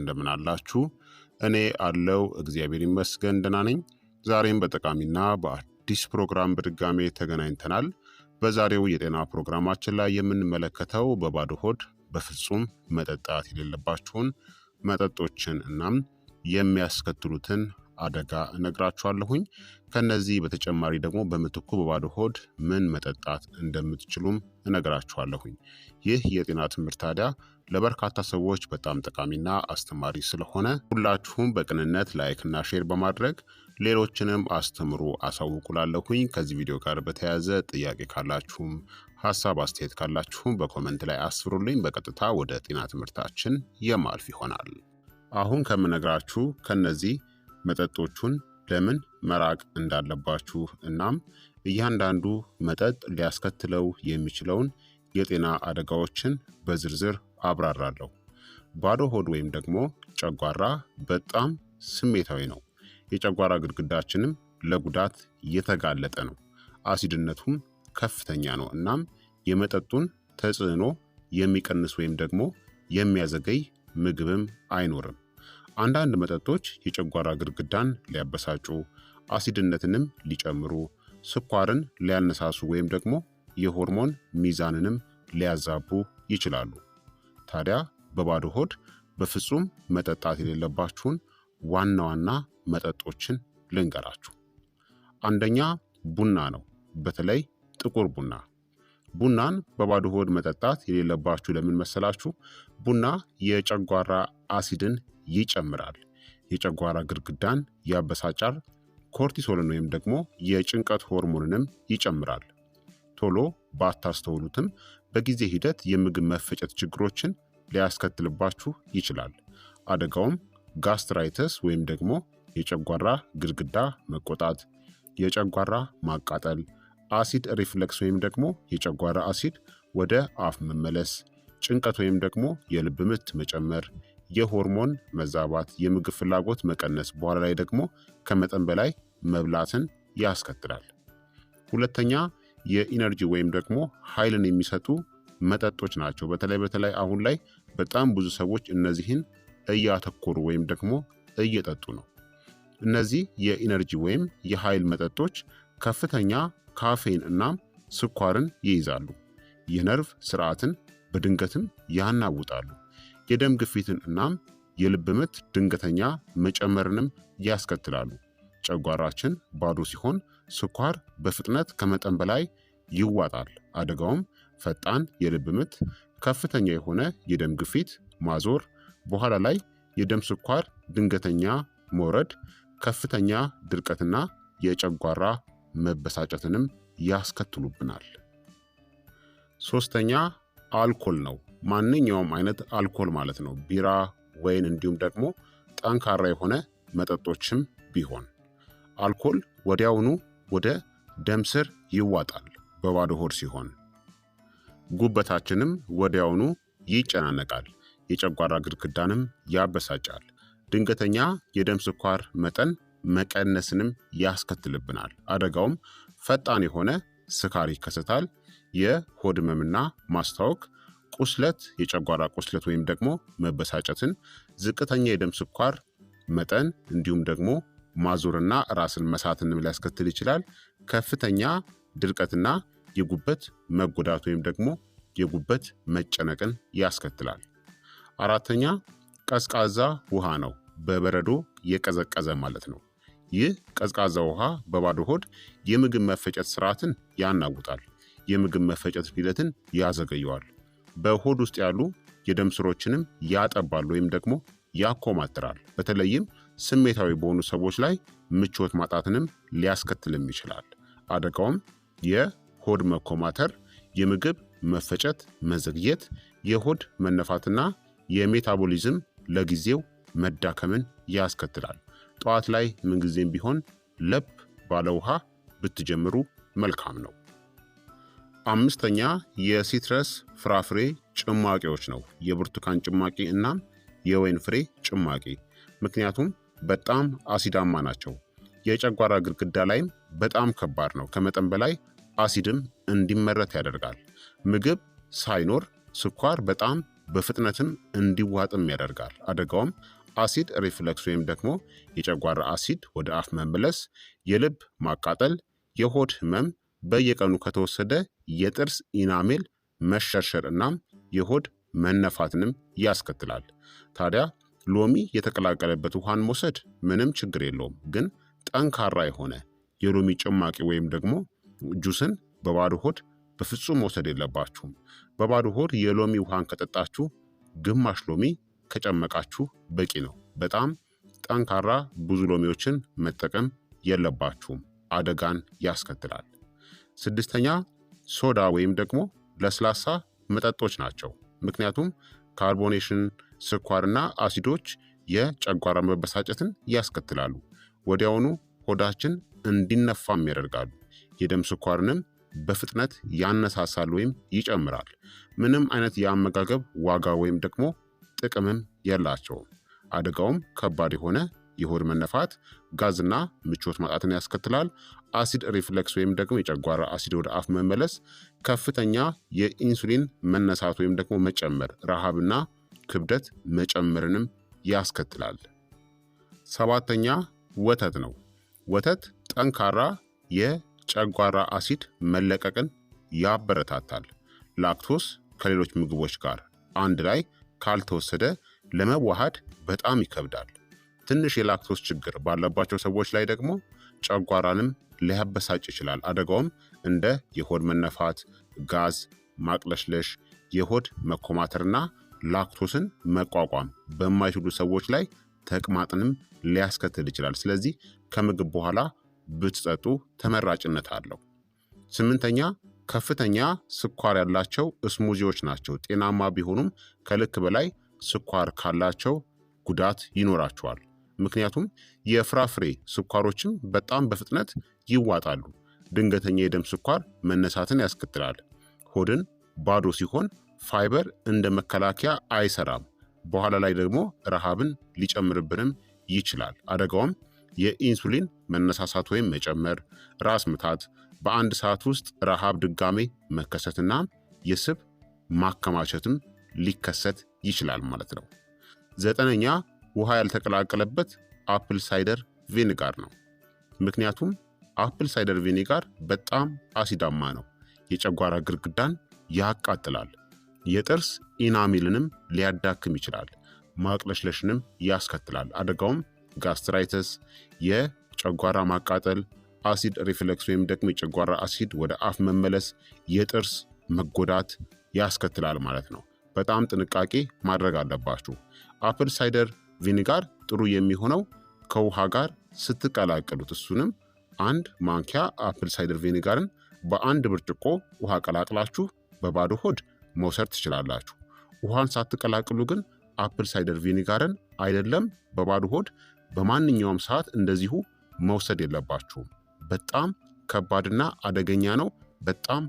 እንደምን አላችሁ? እኔ አለው እግዚአብሔር ይመስገን ደህና ነኝ። ዛሬም በጠቃሚና በአዲስ ፕሮግራም በድጋሜ ተገናኝተናል። በዛሬው የጤና ፕሮግራማችን ላይ የምንመለከተው በባዶ ሆድ በፍጹም መጠጣት የሌለባችሁን መጠጦችን እናም የሚያስከትሉትን አደጋ እነግራችኋለሁኝ። ከነዚህ በተጨማሪ ደግሞ በምትኩ በባዶ ሆድ ምን መጠጣት እንደምትችሉም እነግራችኋለሁኝ። ይህ የጤና ትምህርት ታዲያ ለበርካታ ሰዎች በጣም ጠቃሚና አስተማሪ ስለሆነ ሁላችሁም በቅንነት ላይክና ሼር በማድረግ ሌሎችንም አስተምሩ አሳውቁላለሁኝ። ከዚህ ቪዲዮ ጋር በተያያዘ ጥያቄ ካላችሁም ሀሳብ አስተያየት ካላችሁም በኮመንት ላይ አስፍሩልኝ። በቀጥታ ወደ ጤና ትምህርታችን የማልፍ ይሆናል። አሁን ከምነግራችሁ ከነዚህ መጠጦቹን ለምን መራቅ እንዳለባችሁ እናም እያንዳንዱ መጠጥ ሊያስከትለው የሚችለውን የጤና አደጋዎችን በዝርዝር አብራራለሁ። ባዶ ሆድ ወይም ደግሞ ጨጓራ በጣም ስሜታዊ ነው። የጨጓራ ግድግዳችንም ለጉዳት የተጋለጠ ነው። አሲድነቱም ከፍተኛ ነው። እናም የመጠጡን ተጽዕኖ የሚቀንስ ወይም ደግሞ የሚያዘገይ ምግብም አይኖርም። አንዳንድ መጠጦች የጨጓራ ግድግዳን ሊያበሳጩ፣ አሲድነትንም ሊጨምሩ፣ ስኳርን ሊያነሳሱ ወይም ደግሞ የሆርሞን ሚዛንንም ሊያዛቡ ይችላሉ። ታዲያ በባዶ ሆድ በፍጹም መጠጣት የሌለባችሁን ዋና ዋና መጠጦችን ልንገራችሁ። አንደኛ ቡና ነው፣ በተለይ ጥቁር ቡና። ቡናን በባዶ ሆድ መጠጣት የሌለባችሁ ለምን መሰላችሁ? ቡና የጨጓራ አሲድን ይጨምራል፣ የጨጓራ ግድግዳን ያበሳጫል፣ ኮርቲሶልን ወይም ደግሞ የጭንቀት ሆርሞንንም ይጨምራል። ቶሎ ባታስተውሉትም በጊዜ ሂደት የምግብ መፈጨት ችግሮችን ሊያስከትልባችሁ ይችላል። አደጋውም ጋስትራይተስ ወይም ደግሞ የጨጓራ ግድግዳ መቆጣት፣ የጨጓራ ማቃጠል፣ አሲድ ሪፍለክስ ወይም ደግሞ የጨጓራ አሲድ ወደ አፍ መመለስ፣ ጭንቀት ወይም ደግሞ የልብ ምት መጨመር፣ የሆርሞን መዛባት፣ የምግብ ፍላጎት መቀነስ፣ በኋላ ላይ ደግሞ ከመጠን በላይ መብላትን ያስከትላል። ሁለተኛ የኢነርጂ ወይም ደግሞ ኃይልን የሚሰጡ መጠጦች ናቸው። በተለይ በተለይ አሁን ላይ በጣም ብዙ ሰዎች እነዚህን እያተኮሩ ወይም ደግሞ እየጠጡ ነው። እነዚህ የኢነርጂ ወይም የኃይል መጠጦች ከፍተኛ ካፌን እናም ስኳርን ይይዛሉ። የነርቭ ስርዓትን በድንገትም ያናውጣሉ። የደም ግፊትን እናም የልብ ምት ድንገተኛ መጨመርንም ያስከትላሉ። ጨጓራችን ባዶ ሲሆን ስኳር በፍጥነት ከመጠን በላይ ይዋጣል። አደጋውም ፈጣን የልብ ምት፣ ከፍተኛ የሆነ የደም ግፊት ማዞር፣ በኋላ ላይ የደም ስኳር ድንገተኛ መውረድ፣ ከፍተኛ ድርቀትና የጨጓራ መበሳጨትንም ያስከትሉብናል። ሶስተኛ አልኮል ነው። ማንኛውም አይነት አልኮል ማለት ነው። ቢራ፣ ወይን እንዲሁም ደግሞ ጠንካራ የሆነ መጠጦችም ቢሆን አልኮል ወዲያውኑ ወደ ደም ስር ይዋጣል በባዶ ሆድ ሲሆን፣ ጉበታችንም ወዲያውኑ ይጨናነቃል፣ የጨጓራ ግድግዳንም ያበሳጫል። ድንገተኛ የደም ስኳር መጠን መቀነስንም ያስከትልብናል። አደጋውም ፈጣን የሆነ ስካር ይከሰታል፣ የሆድ ህመምና ማስታወክ፣ ቁስለት፣ የጨጓራ ቁስለት ወይም ደግሞ መበሳጨትን፣ ዝቅተኛ የደም ስኳር መጠን እንዲሁም ደግሞ ማዞርና ራስን መሳትንም ሊያስከትል ይችላል። ከፍተኛ ድርቀትና የጉበት መጎዳት ወይም ደግሞ የጉበት መጨነቅን ያስከትላል። አራተኛ ቀዝቃዛ ውሃ ነው። በበረዶ የቀዘቀዘ ማለት ነው። ይህ ቀዝቃዛ ውሃ በባዶ ሆድ የምግብ መፈጨት ስርዓትን ያናውጣል። የምግብ መፈጨት ሂደትን ያዘገየዋል። በሆድ ውስጥ ያሉ የደም ስሮችንም ያጠባል ወይም ደግሞ ያኮማትራል። በተለይም ስሜታዊ በሆኑ ሰዎች ላይ ምቾት ማጣትንም ሊያስከትልም ይችላል። አደጋውም የሆድ መኮማተር፣ የምግብ መፈጨት መዘግየት፣ የሆድ መነፋትና የሜታቦሊዝም ለጊዜው መዳከምን ያስከትላል። ጠዋት ላይ ምንጊዜም ቢሆን ለብ ባለ ውሃ ብትጀምሩ መልካም ነው። አምስተኛ የሲትረስ ፍራፍሬ ጭማቂዎች ነው። የብርቱካን ጭማቂ እናም የወይን ፍሬ ጭማቂ ምክንያቱም በጣም አሲዳማ ናቸው። የጨጓራ ግድግዳ ላይም በጣም ከባድ ነው። ከመጠን በላይ አሲድም እንዲመረት ያደርጋል። ምግብ ሳይኖር ስኳር በጣም በፍጥነትም እንዲዋጥም ያደርጋል። አደጋውም አሲድ ሪፍለክስ ወይም ደግሞ የጨጓራ አሲድ ወደ አፍ መመለስ፣ የልብ ማቃጠል፣ የሆድ ህመም፣ በየቀኑ ከተወሰደ የጥርስ ኢናሜል መሸርሸር እናም የሆድ መነፋትንም ያስከትላል። ታዲያ ሎሚ የተቀላቀለበት ውሃን መውሰድ ምንም ችግር የለውም። ግን ጠንካራ የሆነ የሎሚ ጭማቂ ወይም ደግሞ ጁስን በባዶ ሆድ በፍጹም መውሰድ የለባችሁም። በባዶ ሆድ የሎሚ ውሃን ከጠጣችሁ ግማሽ ሎሚ ከጨመቃችሁ በቂ ነው። በጣም ጠንካራ ብዙ ሎሚዎችን መጠቀም የለባችሁም፣ አደጋን ያስከትላል። ስድስተኛ ሶዳ ወይም ደግሞ ለስላሳ መጠጦች ናቸው። ምክንያቱም ካርቦኔሽን ስኳርና አሲዶች የጨጓራ መበሳጨትን ያስከትላሉ። ወዲያውኑ ሆዳችን እንዲነፋም ያደርጋሉ። የደም ስኳርንም በፍጥነት ያነሳሳል ወይም ይጨምራል። ምንም አይነት የአመጋገብ ዋጋ ወይም ደግሞ ጥቅምም የላቸውም። አደጋውም ከባድ የሆነ የሆድ መነፋት፣ ጋዝና ምቾት ማጣትን ያስከትላል። አሲድ ሪፍሌክስ ወይም ደግሞ የጨጓራ አሲድ ወደ አፍ መመለስ፣ ከፍተኛ የኢንሱሊን መነሳት ወይም ደግሞ መጨመር፣ ረሃብና ክብደት መጨመርንም ያስከትላል። ሰባተኛ ወተት ነው። ወተት ጠንካራ የጨጓራ አሲድ መለቀቅን ያበረታታል። ላክቶስ ከሌሎች ምግቦች ጋር አንድ ላይ ካልተወሰደ ለመዋሃድ በጣም ይከብዳል። ትንሽ የላክቶስ ችግር ባለባቸው ሰዎች ላይ ደግሞ ጨጓራንም ሊያበሳጭ ይችላል። አደጋውም እንደ የሆድ መነፋት፣ ጋዝ፣ ማቅለሽለሽ፣ የሆድ መኮማተርና ላክቶስን መቋቋም በማይችሉ ሰዎች ላይ ተቅማጥንም ሊያስከትል ይችላል። ስለዚህ ከምግብ በኋላ ብትጠጡ ተመራጭነት አለው። ስምንተኛ ከፍተኛ ስኳር ያላቸው እስሙዚዎች ናቸው። ጤናማ ቢሆኑም ከልክ በላይ ስኳር ካላቸው ጉዳት ይኖራቸዋል። ምክንያቱም የፍራፍሬ ስኳሮችም በጣም በፍጥነት ይዋጣሉ። ድንገተኛ የደም ስኳር መነሳትን ያስከትላል። ሆድን ባዶ ሲሆን ፋይበር እንደ መከላከያ አይሰራም። በኋላ ላይ ደግሞ ረሃብን ሊጨምርብንም ይችላል። አደጋውም የኢንሱሊን መነሳሳት ወይም መጨመር፣ ራስ ምታት፣ በአንድ ሰዓት ውስጥ ረሃብ ድጋሜ መከሰትና የስብ ማከማቸትም ሊከሰት ይችላል ማለት ነው። ዘጠነኛ ውሃ ያልተቀላቀለበት አፕል ሳይደር ቪኒጋር ነው። ምክንያቱም አፕል ሳይደር ቪኒጋር በጣም አሲዳማ ነው። የጨጓራ ግድግዳን ያቃጥላል። የጥርስ ኢናሚልንም ሊያዳክም ይችላል። ማቅለሽለሽንም ያስከትላል። አደጋውም ጋስትራይተስ፣ የጨጓራ ማቃጠል፣ አሲድ ሪፍለክስ ወይም ደግሞ የጨጓራ አሲድ ወደ አፍ መመለስ፣ የጥርስ መጎዳት ያስከትላል ማለት ነው። በጣም ጥንቃቄ ማድረግ አለባችሁ። አፕል ሳይደር ቪኒጋር ጥሩ የሚሆነው ከውሃ ጋር ስትቀላቀሉት እሱንም አንድ ማንኪያ አፕል ሳይደር ቪኒጋርን በአንድ ብርጭቆ ውሃ ቀላቅላችሁ በባዶ ሆድ መውሰድ ትችላላችሁ። ውሃን ሳትቀላቅሉ ግን አፕል ሳይደር ቪኒጋርን አይደለም በባዶ ሆድ በማንኛውም ሰዓት እንደዚሁ መውሰድ የለባችሁም። በጣም ከባድና አደገኛ ነው። በጣም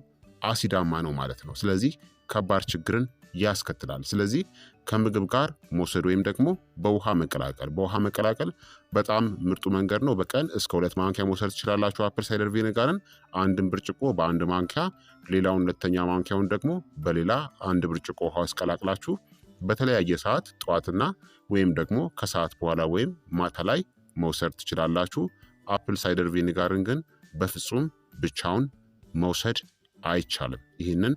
አሲዳማ ነው ማለት ነው። ስለዚህ ከባድ ችግርን ያስከትላል። ስለዚህ ከምግብ ጋር መውሰድ ወይም ደግሞ በውሃ መቀላቀል በውሃ መቀላቀል በጣም ምርጡ መንገድ ነው። በቀን እስከ ሁለት ማንኪያ መውሰድ ትችላላችሁ። አፕል ሳይደር ቪኔጋርን አንድን ብርጭቆ በአንድ ማንኪያ፣ ሌላውን ሁለተኛ ማንኪያውን ደግሞ በሌላ አንድ ብርጭቆ ውሃ ውስጥ ቀላቅላችሁ በተለያየ ሰዓት ጠዋትና ወይም ደግሞ ከሰዓት በኋላ ወይም ማታ ላይ መውሰድ ትችላላችሁ። አፕል ሳይደር ቪኔጋርን ግን በፍጹም ብቻውን መውሰድ አይቻልም። ይህንን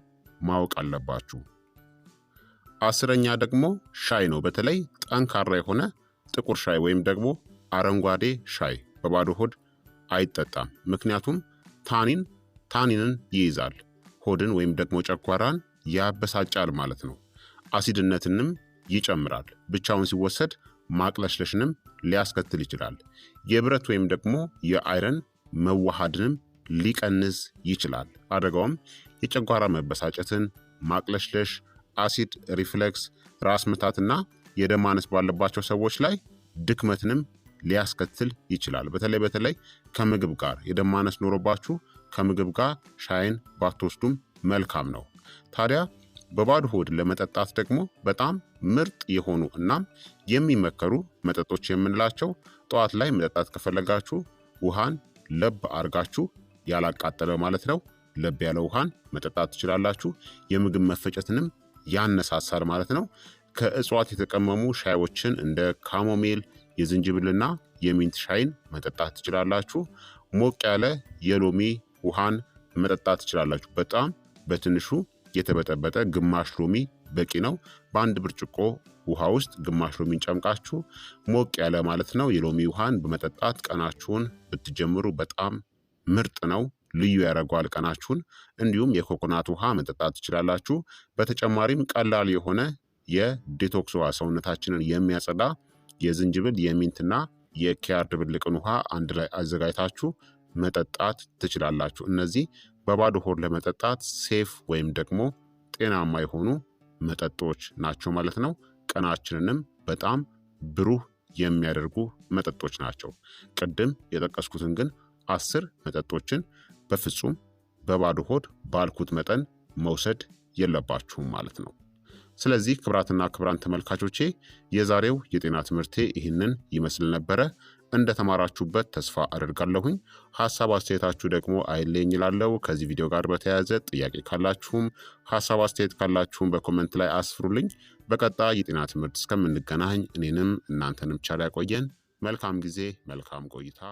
ማወቅ አለባችሁ። አስረኛ ደግሞ ሻይ ነው። በተለይ ጠንካራ የሆነ ጥቁር ሻይ ወይም ደግሞ አረንጓዴ ሻይ በባዶ ሆድ አይጠጣም። ምክንያቱም ታኒን ታኒንን ይይዛል፣ ሆድን ወይም ደግሞ ጨጓራን ያበሳጫል ማለት ነው። አሲድነትንም ይጨምራል። ብቻውን ሲወሰድ ማቅለሽለሽንም ሊያስከትል ይችላል። የብረት ወይም ደግሞ የአይረን መዋሃድንም ሊቀንስ ይችላል። አደጋውም የጨጓራ መበሳጨትን፣ ማቅለሽለሽ አሲድ ሪፍሌክስ፣ ራስ ምታትና የደም ማነስ ባለባቸው ሰዎች ላይ ድክመትንም ሊያስከትል ይችላል። በተለይ በተለይ ከምግብ ጋር የደም ማነስ ኖሮባችሁ ከምግብ ጋር ሻይን ባትወስዱም መልካም ነው። ታዲያ በባዶ ሆድ ለመጠጣት ደግሞ በጣም ምርጥ የሆኑ እናም የሚመከሩ መጠጦች የምንላቸው ጠዋት ላይ መጠጣት ከፈለጋችሁ ውሃን ለብ አርጋችሁ ያላቃጠለ ማለት ነው። ለብ ያለ ውሃን መጠጣት ትችላላችሁ። የምግብ መፈጨትንም ያነሳሳል ማለት ነው። ከእጽዋት የተቀመሙ ሻዮችን እንደ ካሞሜል የዝንጅብልና የሚንት ሻይን መጠጣት ትችላላችሁ። ሞቅ ያለ የሎሚ ውሃን መጠጣት ትችላላችሁ። በጣም በትንሹ የተበጠበጠ ግማሽ ሎሚ በቂ ነው። በአንድ ብርጭቆ ውሃ ውስጥ ግማሽ ሎሚን ጨምቃችሁ ሞቅ ያለ ማለት ነው የሎሚ ውሃን በመጠጣት ቀናችሁን ብትጀምሩ በጣም ምርጥ ነው ልዩ ያደርገዋል ቀናችሁን። እንዲሁም የኮኮናት ውሃ መጠጣት ትችላላችሁ። በተጨማሪም ቀላል የሆነ የዴቶክስ ውሃ ሰውነታችንን የሚያጸዳ የዝንጅብል የሚንትና የኪያር ድብልቅን ውሃ አንድ ላይ አዘጋጅታችሁ መጠጣት ትችላላችሁ። እነዚህ በባዶ ሆድ ለመጠጣት ሴፍ ወይም ደግሞ ጤናማ የሆኑ መጠጦች ናቸው ማለት ነው። ቀናችንንም በጣም ብሩህ የሚያደርጉ መጠጦች ናቸው። ቅድም የጠቀስኩትን ግን አስር መጠጦችን በፍጹም በባዶ ሆድ ባልኩት መጠን መውሰድ የለባችሁም ማለት ነው። ስለዚህ ክብራትና ክብራን ተመልካቾቼ የዛሬው የጤና ትምህርቴ ይህንን ይመስል ነበረ። እንደተማራችሁበት ተስፋ አደርጋለሁኝ። ሀሳብ አስተያየታችሁ ደግሞ አይለኝ ይላለው። ከዚህ ቪዲዮ ጋር በተያያዘ ጥያቄ ካላችሁም ሀሳብ አስተያየት ካላችሁም በኮመንት ላይ አስፍሩልኝ። በቀጣይ የጤና ትምህርት እስከምንገናኝ እኔንም እናንተንም ቻላ ያቆየን። መልካም ጊዜ፣ መልካም ቆይታ።